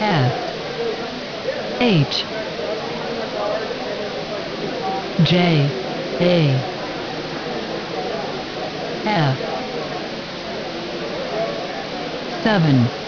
F H J A F 7